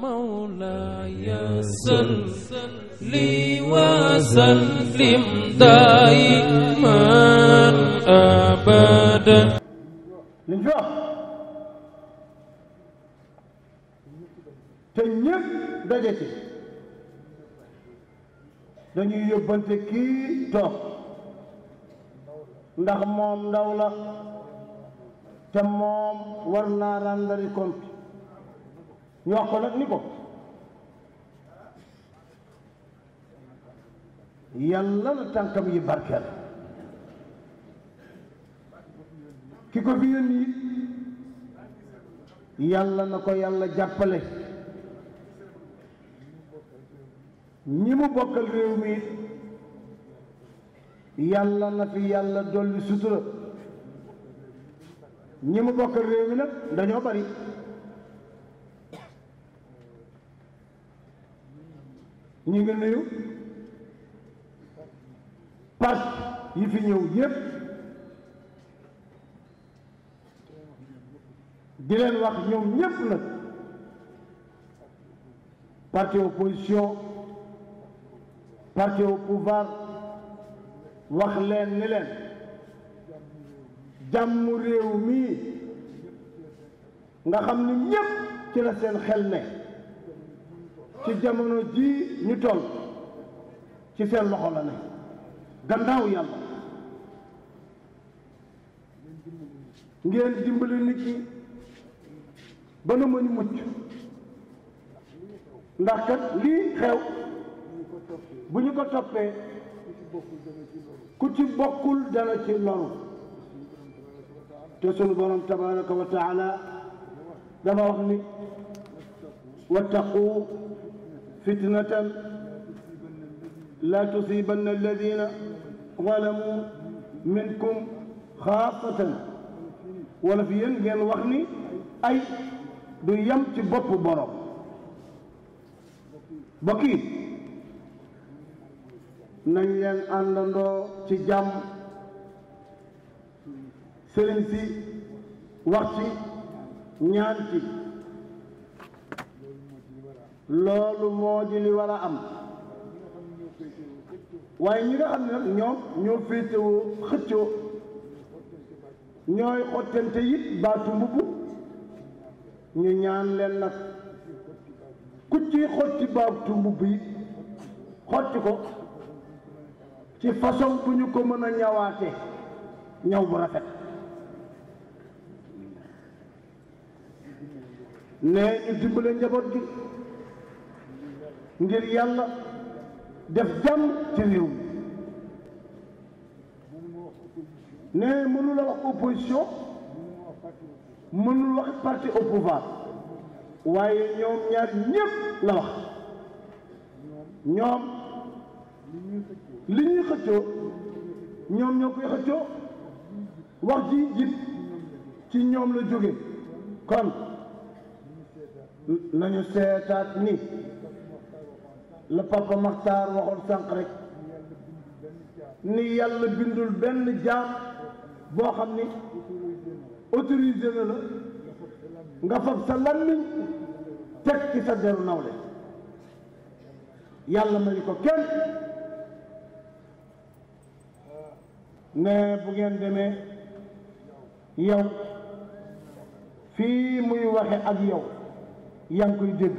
مولاي سل لي وسلم دائما ابدا liñ fi wax te ñëpp daje ci dañuy yóbbante kii toog ndax moom ndaw la te moom war naa rendre compte ñu wax ko nag ni ko yàlla na tànkam yi barkeel ki ko fi yónni yàlla na ko yàlla jàppale ñi mu bokkal réew mi it yàlla na fi yàlla dolli sutura ñi mu bokkal réew mi nag dañoo bari ñu mel ne yow parce yi fi ñëw yépp di leen wax ñoom ñépp nag parti opposition parti au pouvoir wax leen ni leen jàmm réew mii nga xam ni ñépp ci la seen xel ne ci jamono ji ñu toll ci seen loxo la ne gannaaw yàlla ngeen dimbali nit ñi ba nu muñ mucc ndax kat lii xew bu ñu ko toppee ku ci bokkul dana ci loru te sunu borom tabaraka wa taala wax ni wattaqu فتنة لا تصيبن الذين ظلموا منكم خاصة ولا في ينجن وغني أي دو يمتي بطو برو بكي نيان أندو تي جام سيرنسي وقتي نيانتي loolu moo di li war am waaye ñi nga am ne nag ñoom ñoo féetewoo xëccoo ñooy xottante it baatu mbubb ñu ñaan leen nag ku xotti baatu mbubb yi xotti ko ci façon bu ñu ko mën a ñawaate ñaw bu rafet ne ñu dimbale njaboot gi ngir yàlla def jàmm ci réew mi ne mënul a wax opposition mënul parti au waaye ñoom ñaar ñëpp la wax ñoom li ñuy xëccoo ñoom ñoo koy xëccoo wax ji jit ci ñoom la jóge kon nañu seetaat ni la papa Maxtaar waxoon sànq rek ni yàlla bindul benn jaam boo xam ni autorisé na la nga fab sa lammiñ teg ci sa deru nawle yàlla mayu ko kenn ne bu ngeen demee yow fii muy waxe ak yow yaa ngi koy dégg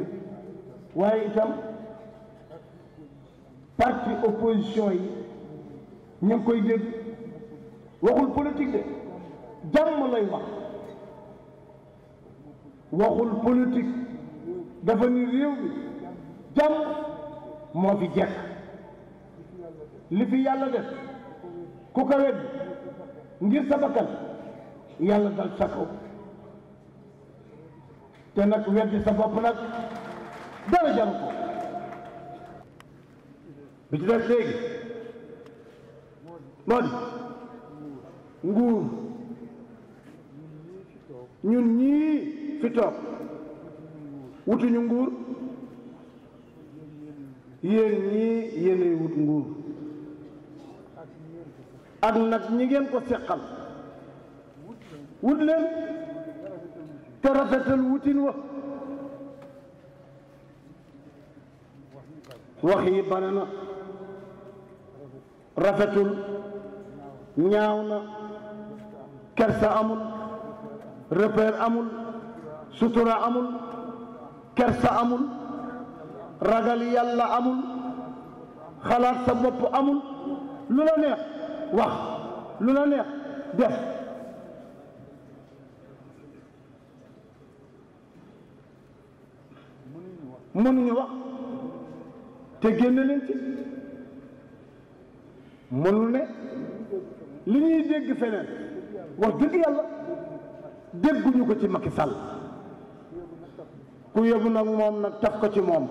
waaye parti opposition yi ñu ngi koy dégg waxul politique de jàmm lay wax waxul politique dafa ni réew moo fi jekk li fi yàlla def ku ko wedd ngir sa yàlla dal sa kaw te nag weddi sa bopp nag dara jaru ko bi ci def léegi moo di nguur ñun ñii fi toog wutuñu nguur yéen ñii yéenay wut nguur ak nag ñi ngeen ko seqal wut leen te rafetal wutin wa wax yi bane na رفتل نياونا كرسا امول ربير امول سترة امول كرسا امول رغالي الله امول خلاص سبب امول لولا نيخ واخ لولا نيخ دف مني واخ تجنن انت mënul ne li ñuy dégg feneen wax dëgg yàlla dégguñu ko ci Macky sal ku yóbbu nag moom nag taf ko ci moom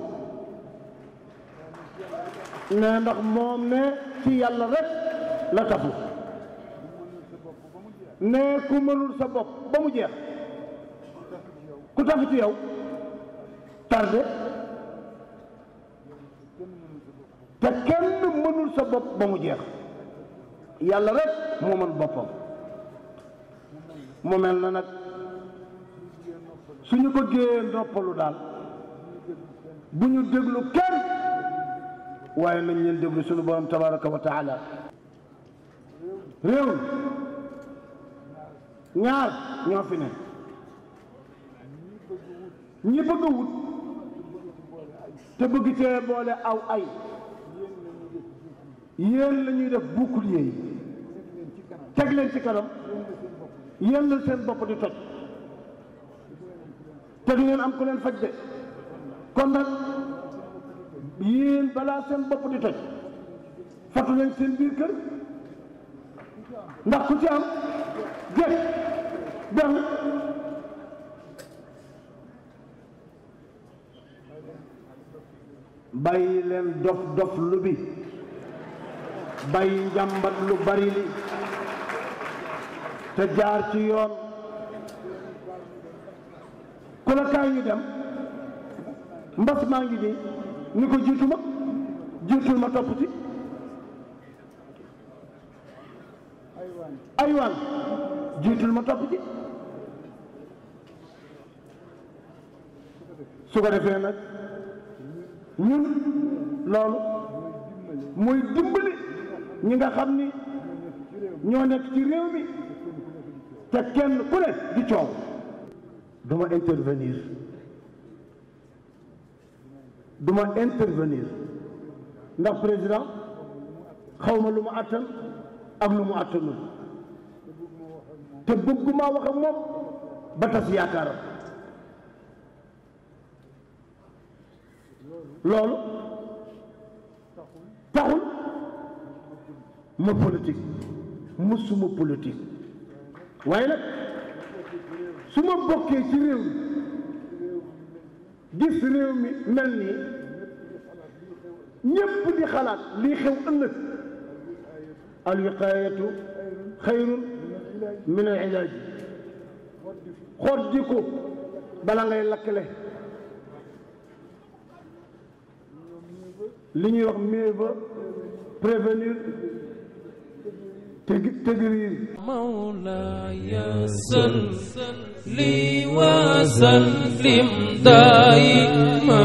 ne ndax moom ne ci yàlla rek la tafu ne ku mënul sa bopp ba mu jeex ku tafu ci yow tardé te kenn sa bopp ba mu jeex yàlla rek moo mën boppam mu mel na nag suñu bëggee noppalu daal bu ñu déglu kenn waaye nañ leen déglu suñu borom tabaraka wa taala réew ñaar ñoo fi ne ñi bëgg wut te bëgg boole aw ay yéen la ñuy def bouclier yi teg leen ci kanam yéen la seen bopp di toj te du ngeen am ku leen faj de kon nag yéen balaa seen bopp di toj fatu leen seen biir kër ndax ku ci am géej benn bàyyi leen dof dof lu bi bay njàmbat lu bari li te jaar ci yoon ku la kaay ñu dem mbas maa ngi nii ni ko jiitu ma jiitul ma topp ci aywaan jiitul ma topp su ko defee nag ñun loolu muy dimbali ñi nga xam ni ñoo nekk ci réew mi te kenn ku ne di coow duma intervenir duma intervenir ndax président xaw ma lu mu àttan ak lu mu àttanul te bëgguma wax ak moom ba tas yaakaaram loolu ma politique musuma politique waaye nag su ma bokkee ci réew mi gis réew mi mel nii ñépp di xalaat lii xew ëllëg alwiqaayatu xayrun min al ilaaj xoddi ko bala ngay lakkale li ñuy wax mieux vaut prévenir تجري مولاي سل لي وسلم دائما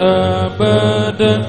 أبدا